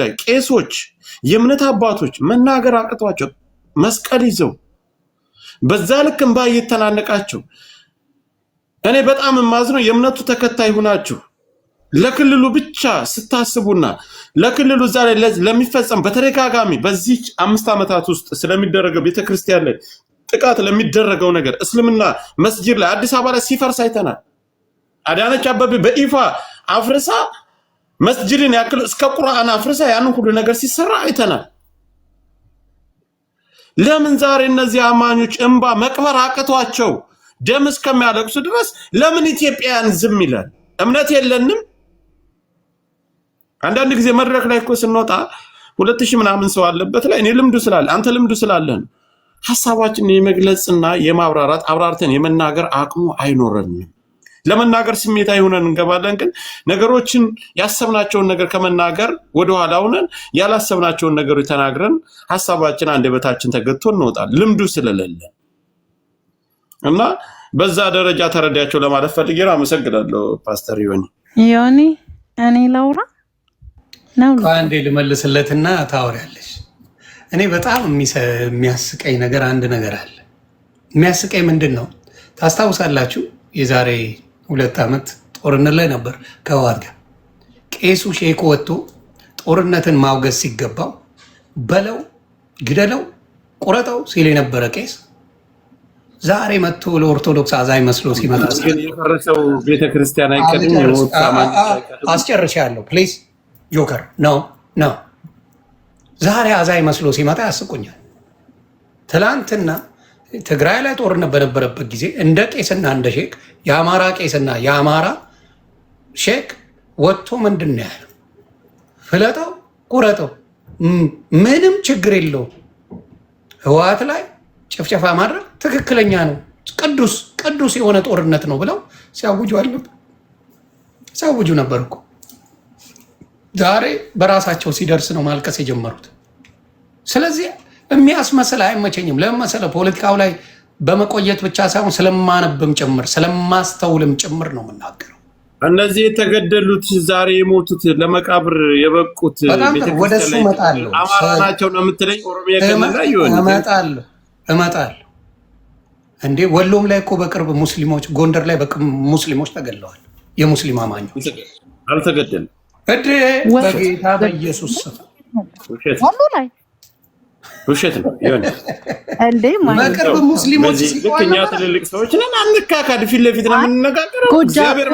ላይ ቄሶች፣ የእምነት አባቶች መናገር አቅቷቸው መስቀል ይዘው በዛ ልክ እንባ እየተናነቃቸው እኔ በጣም የማዝነው የእምነቱ ተከታይ ሁናችሁ ለክልሉ ብቻ ስታስቡና ለክልሉ እዛ ላይ ለሚፈጸም በተደጋጋሚ በዚህ አምስት ዓመታት ውስጥ ስለሚደረገው ቤተክርስቲያን ላይ ጥቃት ለሚደረገው ነገር እስልምና መስጂድ ላይ አዲስ አበባ ላይ ሲፈርስ አይተናል። አዳነች አበቤ በይፋ አፍርሳ መስጅድን ያክል እስከ ቁርአን አፍርሳ ያንን ሁሉ ነገር ሲሰራ አይተናል። ለምን ዛሬ እነዚህ አማኞች እንባ መቅበር አቅቷቸው ደም እስከሚያለቅሱ ድረስ ለምን ኢትዮጵያውያን ዝም ይላል? እምነት የለንም። አንዳንድ ጊዜ መድረክ ላይ እኮ ስንወጣ ሁለት ሺህ ምናምን ሰው አለበት ላይ እኔ ልምዱ ስላለ አንተ ልምዱ ስላለን ሀሳባችን የመግለጽና የማብራራት አብራርተን የመናገር አቅሙ አይኖረንም። ለመናገር ስሜታዊ ሆነን እንገባለን። ግን ነገሮችን ያሰብናቸውን ነገር ከመናገር ወደኋላ ሆነን ያላሰብናቸውን ነገሮች ተናግረን ሀሳባችን አንደበታችን ተገትቶ እንወጣል ልምዱ ስለሌለን እና በዛ ደረጃ ተረዳያቸው ለማለት ፈልጌ ነው። አመሰግናለሁ ፓስተር ዮኒ ዮኒ። እኔ ላውራ ነው አንዴ ልመልስለትና ታወሪያለሽ። እኔ በጣም የሚያስቀኝ ነገር አንድ ነገር አለ። የሚያስቀኝ ምንድን ነው ታስታውሳላችሁ? የዛሬ ሁለት ዓመት ጦርነት ላይ ነበር ከህወሓት ጋር። ቄሱ ሼኮ ወጥቶ ጦርነትን ማውገዝ ሲገባው በለው፣ ግደለው፣ ቁረጠው ሲል የነበረ ቄስ ዛሬ መጥቶ ለኦርቶዶክስ አዛኝ መስሎ ሲመጣ የፈረሰው ቤተክርስቲያን አይቀድም። አስጨርሻለሁ ፕሊዝ ጆከር ነው ነው ዛሬ አዛኝ መስሎ ሲመጣ ያስቁኛል። ትላንትና ትግራይ ላይ ጦርነት በነበረበት ጊዜ እንደ ቄስና እንደ ሼክ የአማራ ቄስና የአማራ ሼክ ወጥቶ ምንድን ነው ያለው? ፍለጠው ቁረጠው፣ ምንም ችግር የለው ህወሓት ላይ ጭፍጨፋ ማድረግ ትክክለኛ ነው፣ ቅዱስ ቅዱስ የሆነ ጦርነት ነው ብለው ሲያውጁ አለብ ሲያውጁ ነበር እኮ። ዛሬ በራሳቸው ሲደርስ ነው ማልቀስ የጀመሩት። ስለዚህ የሚያስመስል አይመቸኝም። ለምን መሰለህ? ፖለቲካው ላይ በመቆየት ብቻ ሳይሆን ስለማነብም ጭምር ስለማስተውልም ጭምር ነው የምናገረው። እነዚህ የተገደሉት ዛሬ የሞቱት ለመቃብር የበቁት ወደሱ እመጣለሁ። አማራ ናቸው ነው የምትለኝ? ኦሮሚያ ክልል ላይ እመጣለሁ እመጣለሁ። እንዴ ወሎም ላይ እኮ በቅርብ ሙስሊሞች፣ ጎንደር ላይ በቅርብ ሙስሊሞች ተገለዋል። የሙስሊም አማኞች አልተገደሉ። በጌታ በኢየሱስ ስም ወሎ ላይ ውሸት ነው። ሆነ እንዴ በቅርብ ሙስሊሞች ልክ እኛ ትልልቅ ሰዎች ነን፣ አንካካድ። ፊት ለፊት ነው የምንነጋገረው። እግዚአብሔር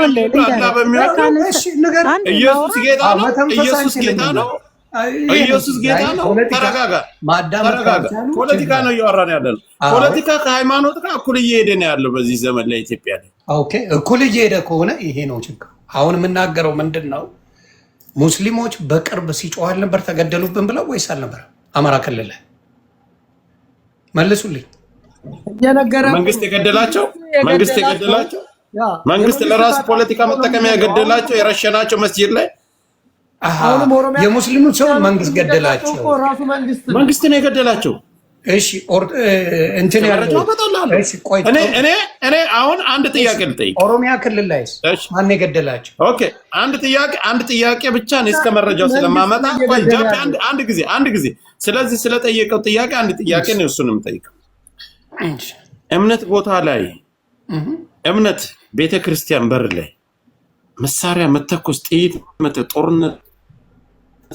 ኢየሱስ ጌታ ነው። ኢየሱስ ጌታ ነው። ኢየሱስ ጌታ ነው። ተረጋጋ፣ ተረጋጋ። ፖለቲካ ነው እያወራን ፖለቲካ ከሃይማኖት ጋር እኩል እየሄደ ነው ያለው በዚህ ዘመን ላይ ኢትዮጵያ ላይ። ኦኬ እኩል እየሄደ ከሆነ ይሄ ነው ችግር። አሁን የምናገረው ምንድን ነው ሙስሊሞች በቅርብ ሲጮህ አልነበር ተገደሉብን ብለው ወይስ አልነበረም? አማራ ክልል መልሱልኝ። መንግስት የገደላቸው መንግስት የገደላቸው መንግስት ለራሱ ፖለቲካ መጠቀሚያ የገደላቸው የረሸናቸው መስጂድ ላይ የሙስሊሙ ሰው መንግስት ገደላቸው። መንግስት ነው የገደላቸው። እሺ እንትን እኔ አሁን አንድ ጥያቄ ልጠይቅ። ኦሮሚያ ክልል ላይ ማን የገደላቸው? ኦኬ አንድ ጥያቄ አንድ ጥያቄ ብቻ ነው እስከ መረጃው ስለማመጣ አንድ ጊዜ አንድ ጊዜ ስለዚህ ስለጠየቀው ጥያቄ አንድ ጥያቄ ነው፣ እሱንም ጠይቀው። እምነት ቦታ ላይ እምነት ቤተ ክርስቲያን በር ላይ መሳሪያ መተኮስ፣ ጥይት መተ ጦርነት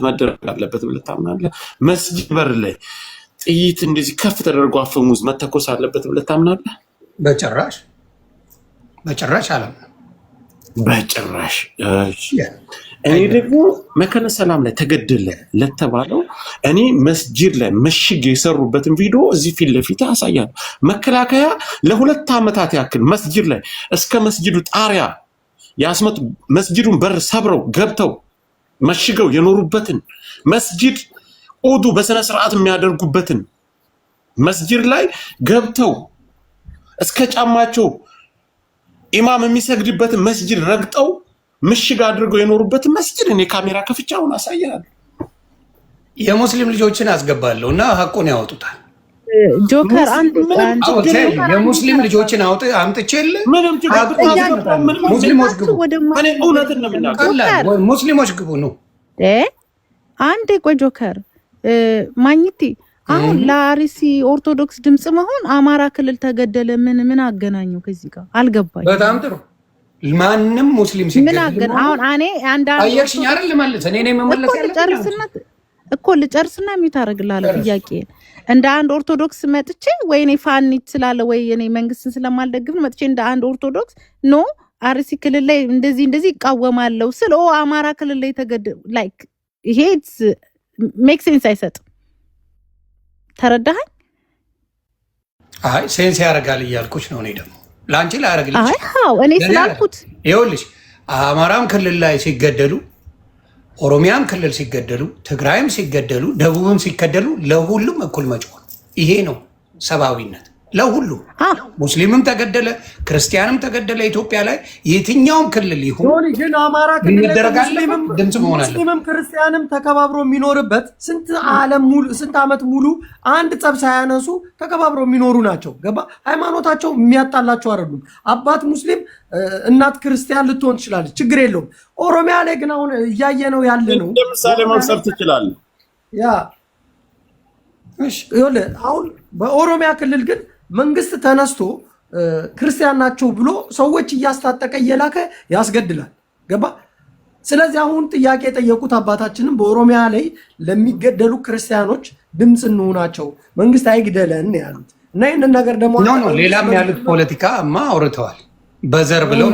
መደረግ አለበት ብለህ ታምናለህ? መስጂድ በር ላይ ጥይት እንደዚህ ከፍ ተደርጎ አፈሙዝ መተኮስ አለበት ብለህ ታምናለህ? በጭራሽ በጭራሽ አለ በጭራሽ እኔ ደግሞ መከነ ሰላም ላይ ተገደለ ለተባለው እኔ መስጂድ ላይ መሽግ የሰሩበትን ቪዲዮ እዚህ ፊት ለፊት ያሳያል። መከላከያ ለሁለት ዓመታት ያክል መስጂድ ላይ እስከ መስጂዱ ጣሪያ ያስመጡ መስጂዱን በር ሰብረው ገብተው መሽገው የኖሩበትን መስጂድ ኦዱ በስነ ስርዓት የሚያደርጉበትን መስጂድ ላይ ገብተው እስከ ጫማቸው ኢማም የሚሰግድበትን መስጂድ ረግጠው ምሽግ አድርገው የኖሩበትን መስጊድ እኔ ካሜራ ከፍቻ አሁን አሳያለሁ። የሙስሊም ልጆችን አስገባለሁ እና ሀቁን ያወጡታል። ጆከር የሙስሊም ልጆችን አምጥቼል። ሙስሊሞች ግቡ ነው። አንዴ ቆይ ጆከር ማኝቲ አሁን ለአርሲ ኦርቶዶክስ ድምፅ መሆን አማራ ክልል ተገደለ ምን ምን አገናኘው ከዚህ ጋር አልገባኝ። በጣም ጥሩ ማንም ሙስሊም ሲገድል አሁን እኔ አንዳንድ አየሽኝ አይደል ልመልስ እኔ ነኝ መመለስ ያለብኝ እኮ ልጨርስና የሚታረግላለሁ ጥያቄ እንደ አንድ ኦርቶዶክስ መጥቼ ወይ እኔ ፋኒት ስላለ ወይ እኔ መንግስትን ስለማልደግፍ መጥቼ እንደ አንድ ኦርቶዶክስ ኖ አርሲ ክልል ላይ እንደዚህ እንደዚህ ይቃወማለሁ ስለ ኦ አማራ ክልል ላይ ተገድ ላይክ ይሄ ሜክ ሴንስ አይሰጥም። ተረዳኸኝ? አይ ሴንስ ያደርጋል እያልኩች ነው እኔ ደግሞ ለአንቺ ላያደርግልሽ እኔ ይኸውልሽ፣ አማራም ክልል ላይ ሲገደሉ፣ ኦሮሚያም ክልል ሲገደሉ፣ ትግራይም ሲገደሉ፣ ደቡብም ሲገደሉ ለሁሉም እኩል መጮህ ይሄ ነው ሰብአዊነት። ለሁሉ ሙስሊምም ተገደለ፣ ክርስቲያንም ተገደለ። ኢትዮጵያ ላይ የትኛውም ክልል ይሁን ግን አማራ ክልል ድምፅ ሙስሊምም ክርስቲያንም ተከባብሮ የሚኖርበት ስንት ዓለም ሙሉ ስንት ዓመት ሙሉ አንድ ጸብ ሳያነሱ ተከባብሮ የሚኖሩ ናቸው። ገባ ሃይማኖታቸው የሚያጣላቸው አይደሉም። አባት ሙስሊም፣ እናት ክርስቲያን ልትሆን ትችላለች፣ ችግር የለውም። ኦሮሚያ ላይ ግን አሁን እያየ ነው ያለ ነው። ለምሳሌ መውሰድ ትችላለህ። ያ አሁን በኦሮሚያ ክልል ግን መንግስት ተነስቶ ክርስቲያን ናቸው ብሎ ሰዎች እያስታጠቀ እየላከ ያስገድላል። ገባ? ስለዚህ አሁን ጥያቄ የጠየቁት አባታችንም በኦሮሚያ ላይ ለሚገደሉ ክርስቲያኖች ድምፅ እንሆናቸው መንግስት አይግደለን ያሉት እና ይህንን ነገር ደግሞ ሌላም ያሉት ፖለቲካ እማ አውርተዋል በዘር ብለው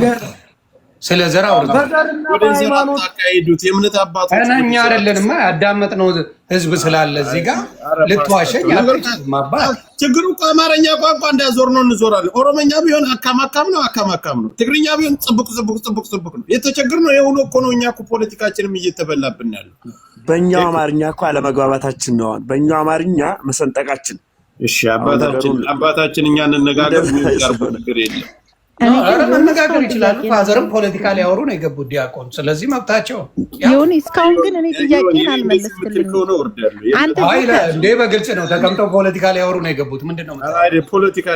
ስለ ዘር አውርተውወደዚያሄዱት የእምነት አባት እኛ አይደለንማ ያዳመጥነው ህዝብ ስላለ እዚህ ጋር ልትዋሸኝ አባት ችግሩ እኮ አማርኛ ቋንቋ እንዳዞር ነው እንዞራለን። ኦሮመኛ ቢሆን አካም አካም ነው አካም አካም ነው። ትግርኛ ቢሆን ጽብቅ ጽቡቅ ጽቡቅ ጽቡቅ ነው። የተቸግር ነው የሁሉ እኮ ነው። እኛ እኮ ፖለቲካችንም እየተበላብን ያለ በእኛው አማርኛ እኮ አለመግባባታችን ነዋል። በእኛው አማርኛ መሰንጠቃችን። እሺ አባታችን አባታችን እኛ እንነጋገር ቀርቦ ነገር የለም ኧረ መነጋገር ይችላሉ። ፋዘርም ፖለቲካ ሊያወሩ ነው የገቡት ዲያቆን። ስለዚህ መብታቸው ይሁን። እስካሁን ግን እኔ ጥያቄን አልመለስክልኝ። እንዴ በግልጽ ነው ተቀምጠው ፖለቲካ ሊያወሩ ነው የገቡት። ምንድን ነው ፖለቲካ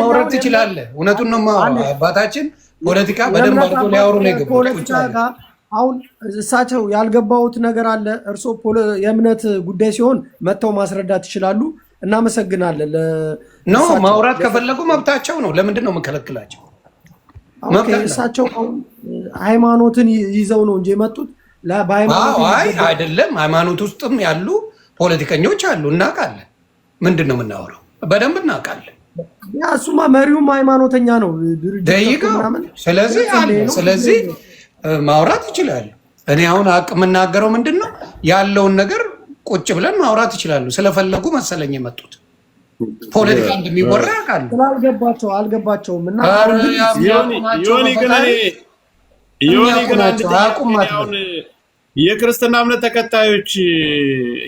መውረድ ትችላለህ። እውነቱን ነው አባታችን፣ ፖለቲካ በደንብ አድርጎ ሊያወሩ ነው የገቡት። አሁን እሳቸው ያልገባሁት ነገር አለ። እርስዎ የእምነት ጉዳይ ሲሆን መጥተው ማስረዳት ይችላሉ። እናመሰግናለን። ኖ ማውራት ከፈለጉ መብታቸው ነው። ለምንድን ነው የምንከለክላቸው? እሳቸው ሃይማኖትን ይዘው ነው እንጂ የመጡት አይደለም። ሃይማኖት ውስጥም ያሉ ፖለቲከኞች አሉ፣ እናውቃለን። ምንድን ነው የምናወራው? በደንብ እናውቃለን። እሱማ መሪውም ሃይማኖተኛ ነው። ስለዚህ ስለዚህ ማውራት ይችላሉ። እኔ አሁን አቅ የምናገረው ምንድን ነው ያለውን ነገር ቁጭ ብለን ማውራት ይችላሉ። ስለፈለጉ መሰለኝ የመጡት ፖለቲካ እንደሚወራ ያውቃሉ። አልገባቸው አልገባቸውም። የክርስትና እምነት ተከታዮች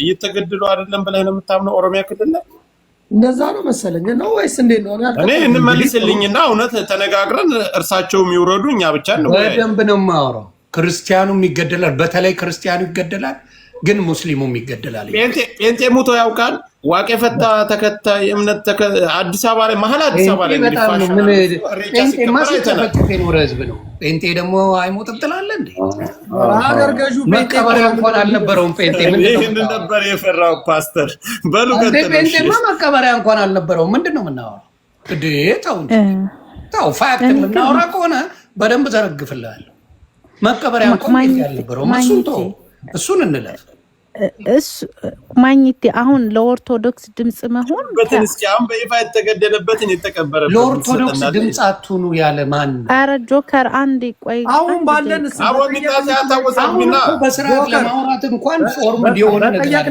እየተገደሉ አይደለም ብለህ ነው የምታምነው? ኦሮሚያ ክልል ላይ እንደዛ ነው መሰለኝ ነው ወይስ እንዴት ነው? እኔ እንመልስልኝና እውነት ተነጋግረን እርሳቸውም ይውረዱ እኛ ብቻ ነው በደንብ ነው የማወራው። ክርስቲያኑ ይገደላል፣ በተለይ ክርስቲያኑ ይገደላል። ግን ሙስሊሙም ይገደላል። ጴንጤ ሙቶ ያውቃል። ዋቄ ፈታ ተከታይ እምነት አዲስ አበባ ላይ መሀል አዲስ አበባ ላይ ኖረ ህዝብ ነው። ጴንጤ ደግሞ አይሞትም ትላለህ እንዴ? ሀገር ገዥ መቀበሪያ እንኳን አልነበረውም። ጴንጤ ይህን ነበር የፈራው ፓስተር በሉ። ጴንጤማ መቀበሪያ እንኳን አልነበረውም። ምንድን ነው የምናወራው? ተው ተው፣ ፋክት የምናወራ ከሆነ በደንብ ዘረግፍልሃለሁ። መቀበሪያ እንኳን ያልነበረው እሱን ተው እሱን እንለፍ። እሱ ማግኘት አሁን ለኦርቶዶክስ ድምፅ መሆን አሁን በይፋ የተገደለበትን የተቀበረበት ለኦርቶዶክስ ድምፅ አትሁኑ ያለ ማን? አረ ጆከር አንዴ ቆይ። አሁን ባለን በስርዓት ለማውራት እንኳን ፎርም ሊሆነ ነገር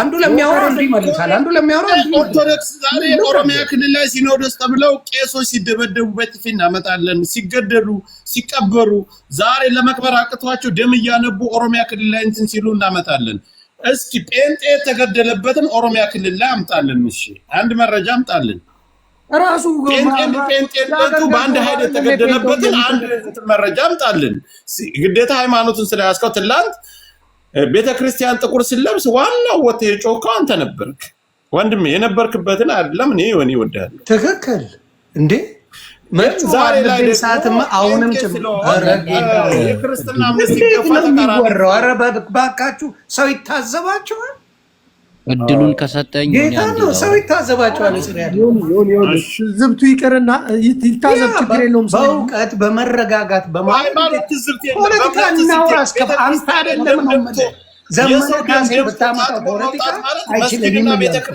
አንዱ ለሚያወራ አንዱ ይመልሳል። አንዱ ለሚያወራ ኦርቶዶክስ ዛሬ ኦሮሚያ ክልል ላይ ሲኖዶስ ተብለው ቄሶች ሲደበደቡ በጥፊ እናመጣለን፣ ሲገደሉ ሲቀበሩ፣ ዛሬ ለመቅበር አቅቷቸው ደም እያነቡ ኦሮሚያ ክልል ላይ እንትን ሲሉ እናመጣለን። እስኪ ጴንጤ የተገደለበትን ኦሮሚያ ክልል ላይ አምጣለን። እሺ አንድ መረጃ አምጣለን። ራሱ ጴንጤነቱ በአንድ ኃይል የተገደለበትን አንድ መረጃ አምጣልን። ግዴታ ሃይማኖቱን ስለያዝከው ትላንት ቤተ ክርስቲያን ጥቁር ሲለብስ ዋናው ወጥ የጮካው አንተ ነበርክ ወንድሜ። የነበርክበትን አይደለም እኔ ወኔ ይወዳል። ትክክል እንዴ ዛሬ ላይ ሰዓትም አሁንም ጭምር የክርስትና ኧረ ሰው ይታዘባቸዋል። እድሉን ከሰጠኝ ጌታ ነው። ሰው ይታዘባቸዋል። ዝብቱ ይቅርና ይታዘብ፣ ችግር የለውም። በእውቀት በመረጋጋት ፖለቲካ እናውራ። አንተ አይደለም ዘመነ ነው። ብታመጣ ፖለቲካ አይችልም። ፖለቲካ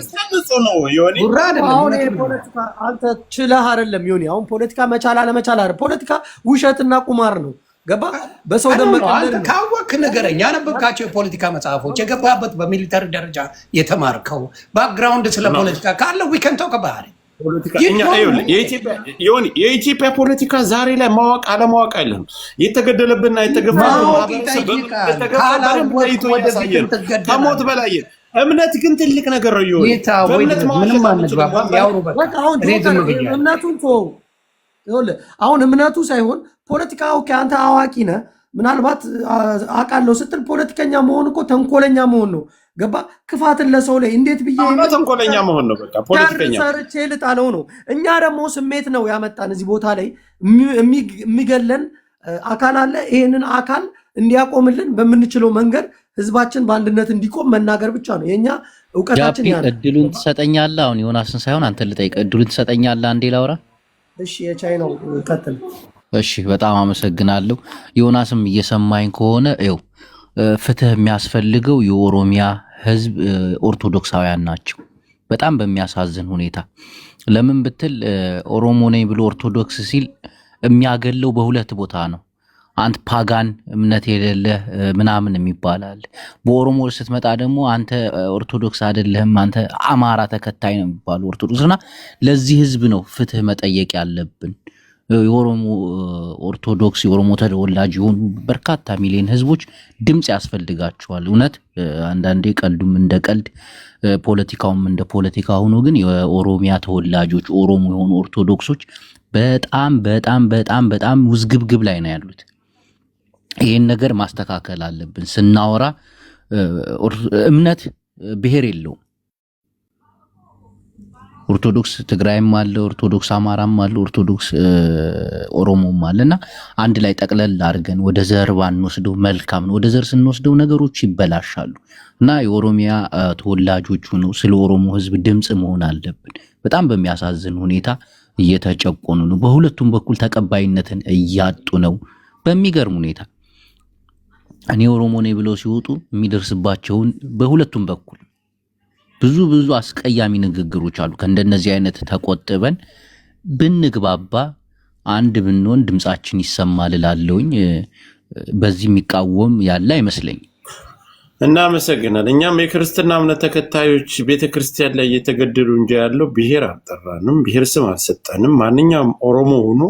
አንተ ችለህ አይደለም ዮኒ። አሁን ፖለቲካ መቻል አለመቻል ፖለቲካ ውሸትና ቁማር ነው። ገባ በሰው ደም መቀለድ ካወቅህ ንገረኝ። ያነበብካቸው የፖለቲካ መጽሐፎች የገባበት በሚሊተሪ ደረጃ የተማርከው ባክግራውንድ ስለ ፖለቲካ ካለ ዊከን ቶክ ባህሪ የኢትዮጵያ ፖለቲካ ዛሬ ላይ ማወቅ አለማወቅ አይለም። የተገደለብንና የተገፋከሞት በላይ እምነት ግን ትልቅ ነገር ነው። ይሆ ምንም ይሁን እምነቱን አሁን እምነቱ ሳይሆን ፖለቲካ አንተ አዋቂ ነህ ምናልባት አውቃለሁ ስትል ፖለቲከኛ መሆን እኮ ተንኮለኛ መሆን ነው። ገባ ክፋትን ለሰው ላይ እንዴት ብዬ ተንኮለኛ መሆን ነው። በቃ ፖለቲከኛ ሰርቼ ልጣለው ነው። እኛ ደግሞ ስሜት ነው ያመጣን እዚህ ቦታ ላይ የሚገለን አካል አለ። ይሄንን አካል እንዲያቆምልን በምንችለው መንገድ ህዝባችን በአንድነት እንዲቆም መናገር ብቻ ነው የኛ እውቀታችን። እድሉን ትሰጠኛለህ? አሁን ዮናስን ሳይሆን አንተን ልጠይቅ። እድሉን ትሰጠኛለህ? አንዴ ላውራ እሺ የቻይናው ቀጥል። እሺ በጣም አመሰግናለሁ። ዮናስም እየሰማኝ ከሆነ ው ፍትህ የሚያስፈልገው የኦሮሚያ ህዝብ ኦርቶዶክሳውያን ናቸው። በጣም በሚያሳዝን ሁኔታ ለምን ብትል ኦሮሞ ነኝ ብሎ ኦርቶዶክስ ሲል የሚያገለው በሁለት ቦታ ነው። አንተ ፓጋን እምነት የሌለህ ምናምን የሚባላል። በኦሮሞ ስትመጣ ደግሞ አንተ ኦርቶዶክስ አይደለህም አንተ አማራ ተከታይ ነው የሚባሉ ኦርቶዶክስ እና ለዚህ ህዝብ ነው ፍትህ መጠየቅ ያለብን። የኦሮሞ ኦርቶዶክስ የኦሮሞ ተወላጅ የሆኑ በርካታ ሚሊዮን ህዝቦች ድምፅ ያስፈልጋቸዋል። እውነት አንዳንዴ ቀልዱም እንደ ቀልድ ፖለቲካውም እንደ ፖለቲካ ሆኖ ግን የኦሮሚያ ተወላጆች ኦሮሞ የሆኑ ኦርቶዶክሶች በጣም በጣም በጣም በጣም ውዝግብግብ ላይ ነው ያሉት። ይህን ነገር ማስተካከል አለብን። ስናወራ እምነት ብሔር የለውም። ኦርቶዶክስ ትግራይም አለ፣ ኦርቶዶክስ አማራም አለ፣ ኦርቶዶክስ ኦሮሞም አለ እና አንድ ላይ ጠቅለል አድርገን ወደ ዘር ባንወስደው መልካም ነው። ወደ ዘር ስንወስደው ነገሮች ይበላሻሉ እና የኦሮሚያ ተወላጆች ነው ስለ ኦሮሞ ሕዝብ ድምፅ መሆን አለብን። በጣም በሚያሳዝን ሁኔታ እየተጨቆኑ ነው። በሁለቱም በኩል ተቀባይነትን እያጡ ነው በሚገርም ሁኔታ እኔ ኦሮሞ ነኝ ብለው ሲወጡ የሚደርስባቸውን በሁለቱም በኩል ብዙ ብዙ አስቀያሚ ንግግሮች አሉ። ከእንደነዚህ አይነት ተቆጥበን ብንግባባ አንድ ብንሆን ድምፃችን ይሰማል እላለሁኝ። በዚህ የሚቃወም ያለ እና እናመሰግናል። እኛም የክርስትና እምነት ተከታዮች ቤተክርስቲያን ላይ እየተገደሉ እንጂ ያለው ብሔር አልጠራንም፣ ብሔር ስም አልሰጠንም። ማንኛውም ኦሮሞ ሆኖ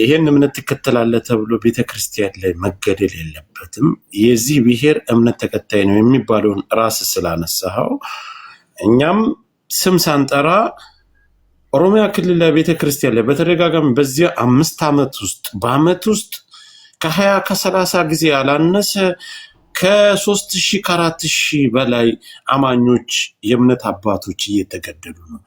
ይህን እምነት ትከተላለህ ተብሎ ቤተክርስቲያን ላይ መገደል የለበትም። የዚህ ብሔር እምነት ተከታይ ነው የሚባለውን ራስ ስላነሳኸው እኛም ስም ሳንጠራ ኦሮሚያ ክልል ላይ ቤተክርስቲያን ላይ በተደጋጋሚ በዚህ አምስት ዓመት ውስጥ በአመት ውስጥ ከሀያ ከሰላሳ ጊዜ ያላነሰ ከሶስት ሺህ ከአራት ሺህ በላይ አማኞች የእምነት አባቶች እየተገደሉ ነው።